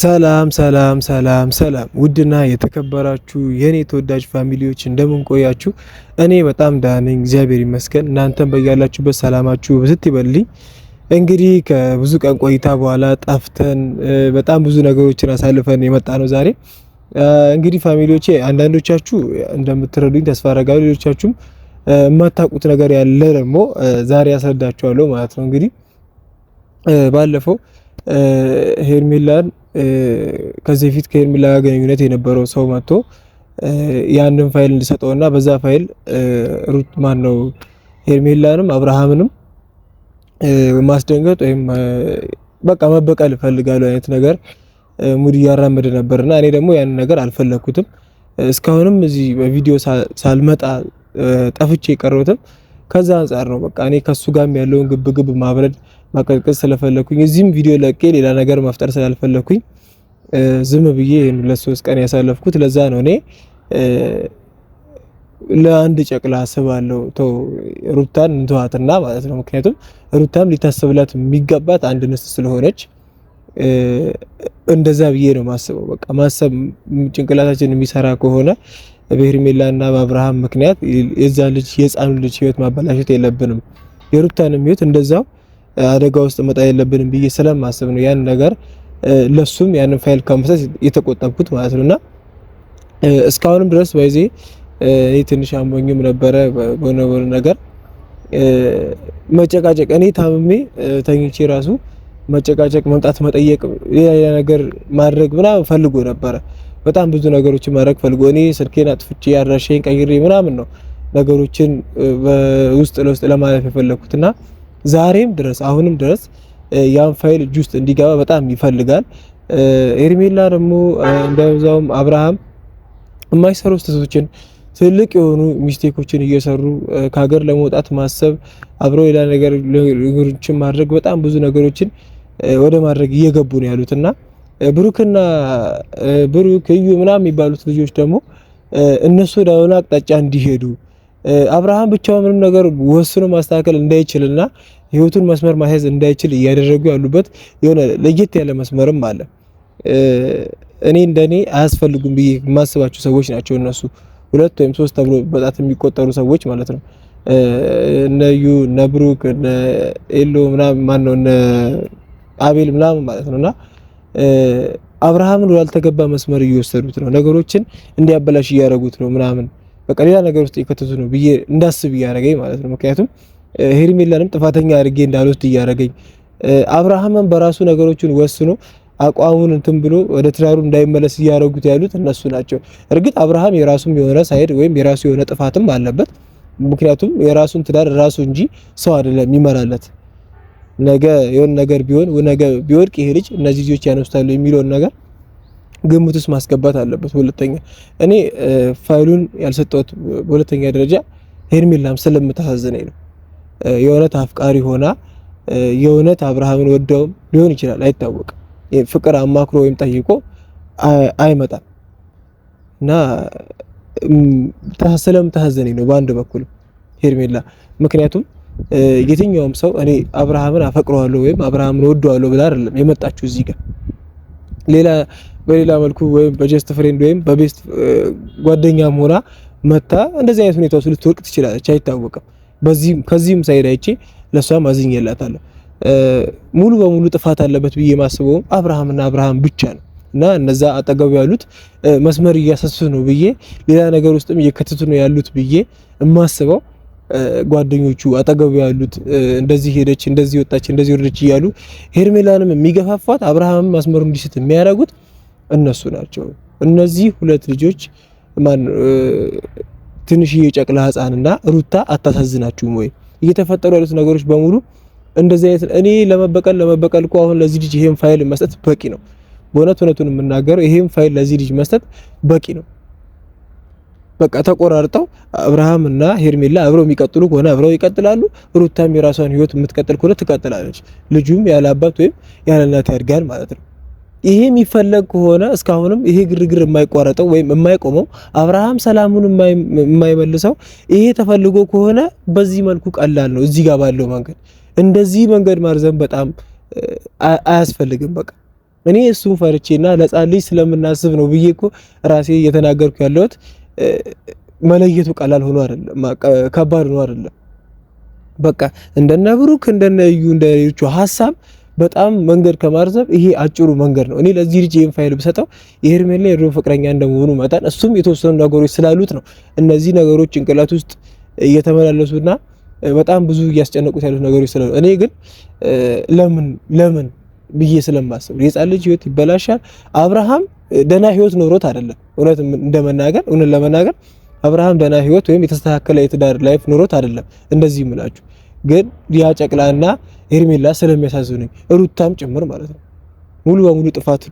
ሰላም ሰላም ሰላም ሰላም ውድና የተከበራችሁ የኔ ተወዳጅ ፋሚሊዎች እንደምንቆያችሁ፣ እኔ በጣም ደህና ነኝ፣ እግዚአብሔር ይመስገን። እናንተም በያላችሁበት ሰላማችሁ ብዝት ይበልልኝ። እንግዲህ ከብዙ ቀን ቆይታ በኋላ ጠፍተን በጣም ብዙ ነገሮችን አሳልፈን የመጣ ነው ዛሬ። እንግዲህ ፋሚሊዎቼ አንዳንዶቻችሁ እንደምትረዱኝ ተስፋ አደርጋለሁ፣ ሌሎቻችሁም የማታውቁት ነገር ያለ ደግሞ ዛሬ ያስረዳችኋለሁ ማለት ነው። እንግዲህ ባለፈው ሄርሜላን ከዚህ በፊት ከሄርሜላ ግንኙነት የነበረው ሰው መጥቶ ያንን ፋይል እንዲሰጠውና በዛ ፋይል ሩት ማን ነው ሄርሜላንም አብርሃምንም ማስደንገጥ ወይም በቃ መበቀል እፈልጋለሁ አይነት ነገር ሙድ እያራመደ ነበርና እኔ ደግሞ ያንን ነገር አልፈለኩትም። እስካሁንም እዚህ በቪዲዮ ሳልመጣ ጠፍቼ የቀረሁትም ከዛ አንጻር ነው። በቃ እኔ ከሱ ጋርም ያለውን ግብግብ ማብረድ ማቀዝቀዝ ስለፈለኩኝ እዚህም ቪዲዮ ለቄ ሌላ ነገር መፍጠር ስላልፈለኩኝ ዝም ብዬ ሁለት ሶስት ቀን ያሳለፍኩት ለዛ ነው። እኔ ለአንድ ጨቅላ አስባለሁ ተው ሩታን እንትዋትና ማለት ነው። ምክንያቱም ሩታም ሊታሰብላት የሚገባት አንድ ንስት ስለሆነች እንደዛ ብዬ ነው ማስበው። በቃ ማሰብ ጭንቅላታችን የሚሰራ ከሆነ በሄርሜላና በአብርሃም ምክንያት የዛ ልጅ የህፃኑ ልጅ ህይወት ማበላሸት የለብንም። የሩታንም ህይወት እንደዛው አደጋ ውስጥ መጣ የለብንም ብዬ ስለማስብ ነው ያን ነገር ለሱም ያንን ፋይል ከመስጠት የተቆጠብኩት ማለት ነውና እስካሁንም ድረስ በይዜ እኔ ትንሽ አሞኝም ነበረ በነበረ ነገር መጨቃጨቅ እኔ ታምሜ ተኝቼ ራሱ መጨቃጨቅ፣ መምጣት፣ መጠየቅ፣ ሌላ ነገር ማድረግ ምናምን ፈልጎ ነበረ። በጣም ብዙ ነገሮችን ማድረግ ፈልጎ እኔ ስልኬን አጥፍቼ አድራሻዬን ቀይሬ ምናምን ነው ነገሮችን ውስጥ ለውስጥ ለማለፍ የፈለኩትና ዛሬም ድረስ አሁንም ድረስ ያን ፋይል እጅ ውስጥ እንዲገባ በጣም ይፈልጋል። ኤርሜላ ደግሞ እንደዛውም አብርሃም የማይሰሩ ስህተቶችን ትልቅ የሆኑ ሚስቴኮችን እየሰሩ ከሀገር ለመውጣት ማሰብ አብረው ሌላ ነገሮችን ማድረግ በጣም ብዙ ነገሮችን ወደ ማድረግ እየገቡ ነው ያሉት እና ብሩክና ብሩክ እዩ ምናምን የሚባሉት ልጆች ደግሞ እነሱ ወደ አቅጣጫ እንዲሄዱ አብርሃም ብቻው ምንም ነገር ወስኖ ማስተካከል እንዳይችልና ህይወቱን መስመር ማስያዝ እንዳይችል እያደረጉ ያሉበት የሆነ ለየት ያለ መስመርም አለ። እኔ እንደኔ አያስፈልጉም ብዬ የማስባቸው ሰዎች ናቸው እነሱ ሁለት ወይም ሶስት ተብሎ በጣት የሚቆጠሩ ሰዎች ማለት ነው። እነዩ እነ ብሩክ እነ ኤሎ ምናምን ማነው እነ አቤል ምናምን ማለት ነውና አብርሃምን ወዳልተገባ መስመር እየወሰዱት ነው፣ ነገሮችን እንዲያበላሽ እያደረጉት ነው ምናምን በቃ ሌላ ነገር ውስጥ የከተቱት ነው ብዬ እንዳስብ እያደረገኝ ማለት ነው። ምክንያቱም ሄርሜላንም ጥፋተኛ አድርጌ እንዳልወስድ እያደረገኝ አብርሃምን በራሱ ነገሮችን ወስኖ አቋሙን እንትን ብሎ ወደ ትዳሩ እንዳይመለስ እያደረጉት ያሉት እነሱ ናቸው። እርግጥ አብርሃም የራሱም የሆነ ሳይድ ወይም የራሱ የሆነ ጥፋትም አለበት። ምክንያቱም የራሱን ትዳር ራሱ እንጂ ሰው አይደለም ይመራለት። ነገ የሆነ ነገር ቢሆን ነገ ቢወድቅ ይሄ ልጅ እነዚህ ልጆች ያነሱታሉ የሚለውን ነገር ግምት ውስጥ ማስገባት አለበት። ሁለተኛ እኔ ፋይሉን ያልሰጠሁት በሁለተኛ ደረጃ ሄርሜላም ስለምታሳዝነኝ ነው። የእውነት አፍቃሪ ሆና የእውነት አብርሃምን ወደው ሊሆን ይችላል፣ አይታወቅም። ፍቅር አማክሮ ወይም ጠይቆ አይመጣም እና ስለምታሳዝነኝ ነው በአንድ በኩል ሄርሜላ። ምክንያቱም የትኛውም ሰው እኔ አብርሃምን አፈቅረዋለሁ ወይም አብርሃምን ወደዋለሁ ብላ አይደለም የመጣችሁ እዚህ ጋር ሌላ በሌላ መልኩ ወይም በጀስት ፍሬንድ ወይም በቤስት ጓደኛም ሆና መታ እንደዚህ አይነት ሁኔታ ውስጥ ልትወድቅ ትችላለች፣ አይታወቅም። በዚህም ከዚህም ሳይድ አይቼ ለሷም አዝኜላታለሁ። ሙሉ በሙሉ ጥፋት አለበት ብዬ ማስበውም አብርሃምና አብርሃም ብቻ ነው እና እነዛ አጠገቡ ያሉት መስመር እያሰሱ ነው ብዬ ሌላ ነገር ውስጥም እየከተቱ ነው ያሉት ብዬ የማስበው ጓደኞቹ አጠገቡ ያሉት እንደዚህ ሄደች፣ እንደዚህ ወጣች፣ እንደዚህ ወረደች እያሉ ሄርሜላንም የሚገፋፏት አብርሃም መስመሩ እንዲስት የሚያደርጉት እነሱ ናቸው። እነዚህ ሁለት ልጆች ማን ትንሽዬ ጨቅላ ህፃንና ሩታ አታሳዝናችሁም ወይ? እየተፈጠሩ ያሉት ነገሮች በሙሉ እንደዚህ አይነት እኔ ለመበቀል ለመበቀል እኮ አሁን ለዚህ ልጅ ይሄን ፋይል መስጠት በቂ ነው። በእውነት እውነቱን የምናገረው ይሄን ፋይል ለዚህ ልጅ መስጠት በቂ ነው። በቃ ተቆራርጠው አብርሃም እና ሄርሜላ አብረው የሚቀጥሉ ከሆነ አብረው ይቀጥላሉ። ሩታም የራሷን ህይወት የምትቀጥል ከሆነ ትቀጥላለች። ልጁም ያለ አባት ወይም ያለ እናት ያድጋል ማለት ነው። ይሄ የሚፈለግ ከሆነ እስካሁንም ይሄ ግርግር የማይቋረጠው ወይም የማይቆመው አብርሃም ሰላሙን የማይመልሰው ይሄ ተፈልጎ ከሆነ በዚህ መልኩ ቀላል ነው። እዚህ ጋር ባለው መንገድ እንደዚህ መንገድ ማርዘም በጣም አያስፈልግም። በቃ እኔ እሱን ፈርቼና ለጻ ልጅ ስለምናስብ ነው ብዬ እኮ ራሴ እየተናገርኩ ያለሁት። መለየቱ ቀላል ሆኖ አይደለም፣ ከባድ ሆኖ አይደለም። በቃ እንደነ ብሩክ እንደነ እዩ እንደሌሎቹ ሀሳብ በጣም መንገድ ከማርዘብ ይሄ አጭሩ መንገድ ነው። እኔ ለዚህ ልጅ ይህን ፋይል ብሰጠው የሄርሜላ የድሮ ፍቅረኛ እንደመሆኑ መጠን እሱም የተወሰኑ ነገሮች ስላሉት ነው እነዚህ ነገሮች ጭንቅላት ውስጥ እየተመላለሱና በጣም ብዙ እያስጨነቁት ያሉት ነገሮች ስላሉ እኔ ግን ለምን ለምን ብዬ ስለማስብ የህፃን ልጅ ህይወት ይበላሻል። አብርሃም ደህና ህይወት ኖሮት አይደለም እውነት እንደመናገር እውነት ለመናገር አብርሃም ደህና ህይወት ወይም የተስተካከለ የትዳር ላይፍ ኖሮት አይደለም። እንደዚህ ምላችሁ ግን ያ ጨቅላና ሄርሜላ ስለሚያሳዝነኝ ሩታም ጭምር ማለት ነው። ሙሉ በሙሉ ጥፋት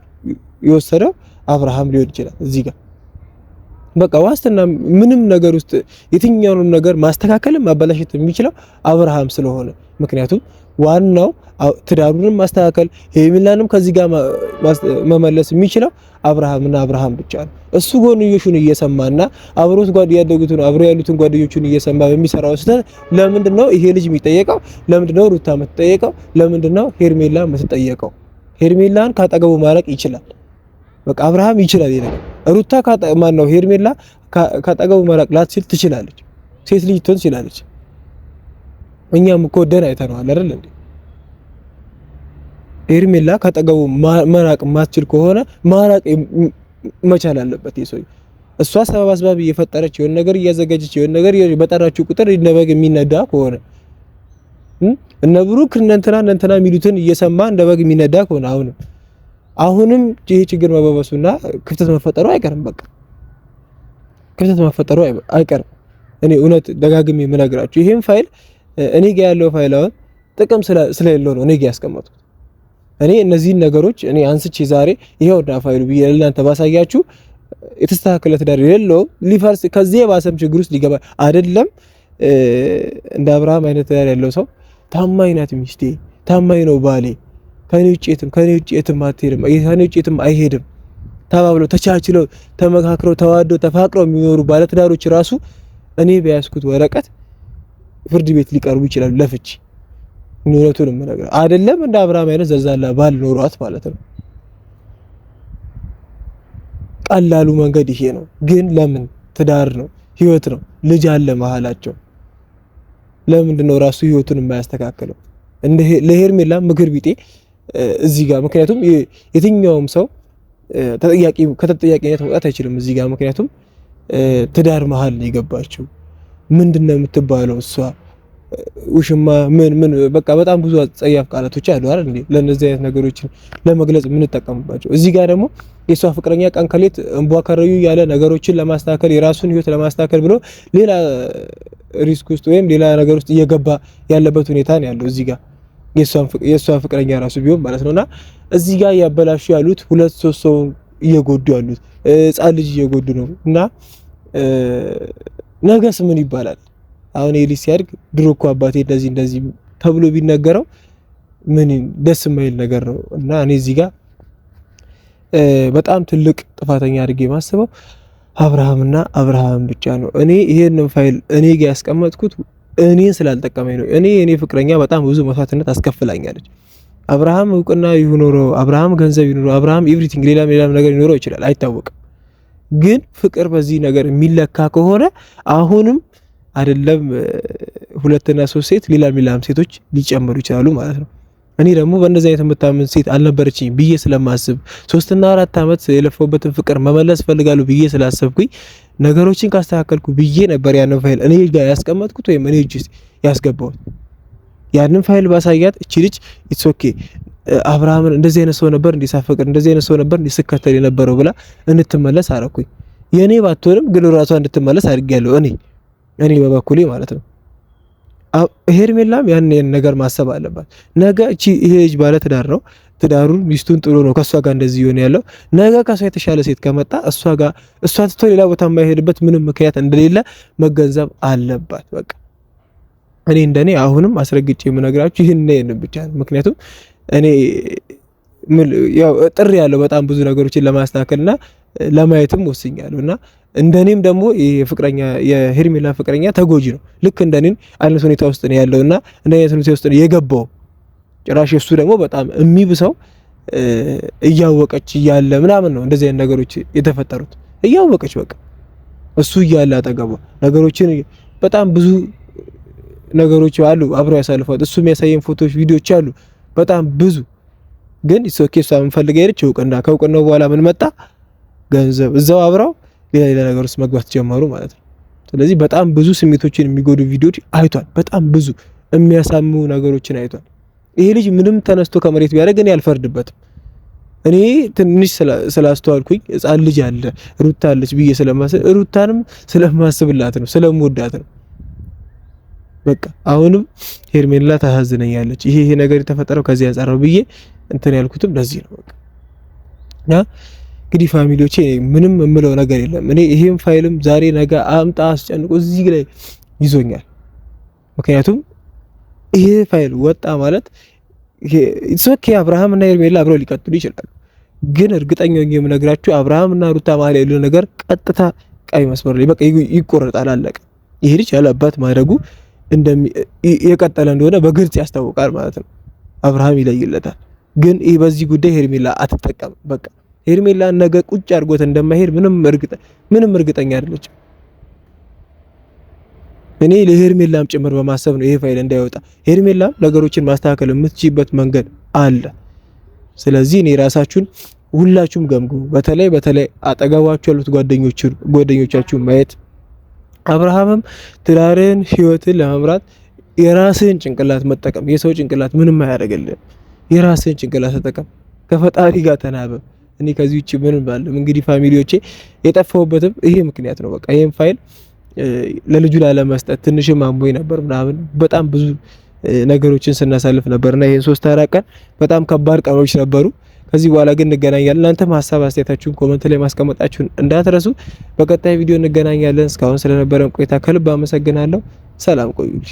የወሰደው አብርሃም ሊሆን ይችላል እዚህ ጋር በቃ ዋስትና ምንም ነገር ውስጥ የትኛውንም ነገር ማስተካከልም ማበላሸት የሚችለው አብርሃም ስለሆነ ምክንያቱም ዋናው ትዳሩንም ማስተካከል ሔሚላንም ከዚህ ጋር መመለስ የሚችለው አብርሃምና አብርሃም ብቻ ነው። እሱ ጎንዮሹን እየሰማና አብሮት ጓድ ያደጉትን አብሮ ያሉትን ጓደኞቹን እየሰማ በሚሰራው ስህተት ለምንድን ነው ይሄ ልጅ የሚጠየቀው? ለምንድን ነው ሩታ የምትጠየቀው? ለምንድን ነው ሄርሜላ የምትጠየቀው? ሄርሜላን ካጠገቡ ማረቅ ይችላል። በቃ አብርሃም ይችላል ይላል። ሩታ ማን ነው ሔርሜላ ካጠገቡ ማረቅ ላትችል ትችላለች። ሴት ልጅ ትሆን ትችላለች። እኛም እኮ ወደን አይተነዋል አይደል እንዴ? ሄርሜላ ከጠገቡ መራቅ ማትችል ከሆነ ማራቅ መቻል አለበት የሰው እሷ ሰበብ አስባብ እየፈጠረች የሆነ ነገር እያዘጋጀች የሆነ ነገር በጠራችው ቁጥር እንደበግ የሚነዳ ከሆነ እነ ብሩክ እነ እንትና እነ እንትና የሚሉትን እየሰማ እንደበግ የሚነዳ ከሆነ አሁንም አሁንም ይሄ ችግር መባበሱና ክፍተት መፈጠሩ አይቀርም። በቃ ክፍተት መፈጠሩ አይቀርም። እኔ እውነት ደጋግሜ የምነግራችሁ ይሄን ፋይል እኔ ጋ ያለው ፋይል አሁን ጥቅም ስለሌለው ነው እኔ ጋ ያስቀመጥኩት። እኔ እነዚህን ነገሮች እኔ አንስቼ ዛሬ ዳ ፋይሉ ብዬ ለእናንተ ባሳያችሁ የተስተካከለ ትዳር የሌለው ሊፈርስ ከዚህ የባሰም ችግር ውስጥ ሊገባ አይደለም። እንደ አብርሃም አይነት ትዳር ያለው ሰው ታማኝ ናት ሚስቴ፣ ታማኝ ነው ባሌ፣ ከኔ ውጭ የትም ከኔ ውጭ የትም አትሄድም፣ ከኔ ውጭ የትም አይሄድም ተባብለው ተቻችለው ተመካክረው ተዋደው ተፋቅረው የሚኖሩ ባለትዳሮች ራሱ እኔ በያዝኩት ወረቀት ፍርድ ቤት ሊቀርቡ ይችላሉ ለፍቺ። እውነቱንም ነገር አይደለም እንደ አብርሃም አይነት ዘዛላ ባል ኖሯት ማለት ነው። ቀላሉ መንገድ ይሄ ነው። ግን ለምን ትዳር ነው፣ ህይወት ነው፣ ልጅ አለ መሀላቸው። ለምንድን ነው ራሱ ህይወቱን የማያስተካክለው? እንደ ለሄርሜላ ምክር ቢጤ እዚህ ጋር ምክንያቱም የትኛውም ሰው ተጠያቂ ከተጠያቂነት መውጣት አይችልም እዚህ ጋር ምክንያቱም ትዳር መሀል ነው የገባችው። ምንድን ነው የምትባለው እሷ ውሽማ ምን ምን በቃ በጣም ብዙ ጸያፍ ቃላቶች አሉ አይደል እንዴ? ለነዚህ አይነት ነገሮችን ለመግለጽ የምንጠቀምባቸው። እዚህ ጋር ደግሞ የእሷ ፍቅረኛ ቀን ከሌት እንቧ ከረዩ ያለ ነገሮችን ለማስተካከል የራሱን ህይወት ለማስተካከል ብሎ ሌላ ሪስክ ውስጥ ወይም ሌላ ነገር ውስጥ እየገባ ያለበት ሁኔታ ነው ያለው እዚህ ጋር የእሷ ፍቅረኛ ራሱ ቢሆን ማለት ነውና እዚህ ጋር እያበላሹ ያሉት ሁለት ሶስት ሰው እየጎዱ ያሉት ህጻን ልጅ እየጎዱ ነው እና ነገስ ምን ይባላል? አሁን ይህ ልጅ ሲያድግ ድሮ እኮ አባቴ እንደዚህ እንደዚህ ተብሎ ቢነገረው ምን ደስ የማይል ነገር ነው። እና እኔ እዚህ ጋር በጣም ትልቅ ጥፋተኛ አድርጌ ማስበው አብርሃምና አብርሃም ብቻ ነው። እኔ ይሄንን ፋይል እኔ ጋር ያስቀመጥኩት እኔን ስላልጠቀመኝ ነው። እኔ እኔ ፍቅረኛ በጣም ብዙ መስዋዕትነት አስከፍላኛለች። አብርሃም እውቅና ይኖረው፣ አብርሃም ገንዘብ ይኖረው፣ አብርሃም ኤቭሪቲንግ ሌላም ሌላም ነገር ይኖረው ይችላል፣ አይታወቅም። ግን ፍቅር በዚህ ነገር የሚለካ ከሆነ አሁንም አይደለም ሁለትና ሶስት ሴት ሌላም ሌላም ሴቶች ሊጨምሩ ይችላሉ ማለት ነው። እኔ ደግሞ በእንደዚህ አይነት የምታምን ሴት አልነበረችኝ ብዬ ስለማስብ ሶስትና አራት ዓመት የለፈውበትን ፍቅር መመለስ ፈልጋሉ ብዬ ስላሰብኩኝ ነገሮችን ካስተካከልኩ ብዬ ነበር ያንን ፋይል እኔ ጋር ያስቀመጥኩት ወይም እኔ እጅ ያስገባሁት። ያንን ፋይል ባሳያት እቺ ልጅ ኢትስ ኦኬ አብርሃምን እንደዚህ አይነት ሰው ነበር እንዲሳፈቅር እንደዚህ አይነት ሰው ነበር እንዲስከተል የነበረው ብላ እንድትመለስ አረኩኝ። የእኔ ባትሆንም ግን ራሷ እንድትመለስ አድርጌያለሁ እኔ እኔ በበኩሌ ማለት ነው። ሄርሜላም ያንን ነገር ማሰብ አለባት። ነገ እቺ ይሄ ልጅ ባለ ትዳር ነው። ትዳሩን ሚስቱን ጥሎ ነው ከእሷ ጋር እንደዚህ ይሆን ያለው። ነገ ከእሷ የተሻለ ሴት ከመጣ እሷ ጋር እሷ ትቶ ሌላ ቦታ የማይሄድበት ምንም ምክንያት እንደሌለ መገንዘብ አለባት። በቃ እኔ እንደኔ አሁንም አስረግጬ የምነግራችሁ ይህን ይህን ብቻ ምክንያቱም እኔ ያው ጥሪ ያለው በጣም ብዙ ነገሮችን ለማስተካከልና ለማየትም ወስኛለሁ እና እንደኔም ደግሞ የፍቅረኛ የሄርሜላ ፍቅረኛ ተጎጂ ነው። ልክ እንደኔን አይነት ሁኔታ ውስጥ ነው ያለውና እንደ አይነት ሁኔታ ውስጥ ነው የገባው። ጭራሽ እሱ ደግሞ በጣም የሚብሰው እያወቀች እያለ ምናምን ነው እንደዚህ አይነት ነገሮች የተፈጠሩት። እያወቀች በቃ እሱ እያለ አጠገቧ ነገሮችን በጣም ብዙ ነገሮች አሉ አብረው ያሳልፏት። እሱ የሚያሳየን ፎቶዎች፣ ቪዲዮዎች አሉ በጣም ብዙ። ግን ሶኬ እሷ የምፈልገ ሄደች እውቅና። ከእውቅናው በኋላ ምን መጣ? ገንዘብ እዛው አብረው ሌላ ሌላ ነገር ውስጥ መግባት ጀመሩ ማለት ነው። ስለዚህ በጣም ብዙ ስሜቶችን የሚጎዱ ቪዲዮዎች አይቷል። በጣም ብዙ የሚያሳምሙ ነገሮችን አይቷል። ይሄ ልጅ ምንም ተነስቶ ከመሬት ቢያደርግ እኔ አልፈርድበትም። እኔ ትንሽ ስላስተዋልኩኝ ህፃን ልጅ አለ ሩታ አለች ብዬ ስለማስብ ሩታንም ስለማስብላት ነው ስለምወዳት ነው። በቃ አሁንም ሄርሜላ ታሳዝነኛለች። ይሄ ይሄ ነገር የተፈጠረው ከዚህ አንጻር ነው ብዬ እንትን ያልኩትም ለዚህ ነው በቃ እንግዲህ ፋሚሊዎቼ ምንም የምለው ነገር የለም። እኔ ይሄን ፋይልም ዛሬ ነገ አምጣ አስጨንቆ እዚህ ላይ ይዞኛል። ምክንያቱም ይሄ ፋይል ወጣ ማለት ኦኬ፣ አብርሃም እና ኤርሜላ አብረው ሊቀጥሉ ይችላሉ። ግን እርግጠኛ የምነግራችሁ አብርሃም እና ሩታ መሀል ያለው ነገር ቀጥታ ቀይ መስመር ላይ በቃ ይቆረጣል፣ አለቀ። ይሄ ልጅ ማድረጉ የቀጠለ እንደሆነ በግልጽ ያስታውቃል ማለት ነው። አብርሃም ይለይለታል። ግን ይህ በዚህ ጉዳይ ሄርሜላ አትጠቀም በቃ ሄርሜላን ነገ ቁጭ አድርጎት እንደማይሄድ ምንም እርግጠ ምንም እርግጠኛ አይደለችም። እኔ ለሄርሜላም ጭምር በማሰብ ነው ይሄ ፋይል እንዳይወጣ። ሄርሜላም ነገሮችን ማስተካከል የምትችይበት መንገድ አለ። ስለዚህ እኔ ራሳችሁን ሁላችሁም ገምግሙ። በተለይ በተለይ አጠገባችሁ ያሉት ጓደኞቻችሁ ማየት አብርሃምም ትዳርህን ህይወትን ለመምራት የራስህን ጭንቅላት መጠቀም። የሰው ጭንቅላት ምንም አያደርግልህም። የራስህን ጭንቅላት ተጠቀም። ከፈጣሪ ጋር ተናበብ። እኔ ከዚህ ውጪ ምንም ባለም እንግዲህ ፋሚሊዎቼ የጠፋሁበትም ይሄ ምክንያት ነው። በቃ ይሄን ፋይል ለልጁ ላለመስጠት ትንሽም አሞኝ ነበር ምናምን በጣም ብዙ ነገሮችን ስናሳልፍ ነበርና ይሄን ሶስት አራት ቀን በጣም ከባድ ቀኖች ነበሩ። ከዚህ በኋላ ግን እንገናኛለን። እናንተም ሀሳብ አስተያየታችሁን ኮመንት ላይ ማስቀመጣችሁን እንዳትረሱ። በቀጣይ ቪዲዮ እንገናኛለን። እስካሁን ስለነበረን ቆይታ ከልብ አመሰግናለሁ። ሰላም ቆዩልኝ።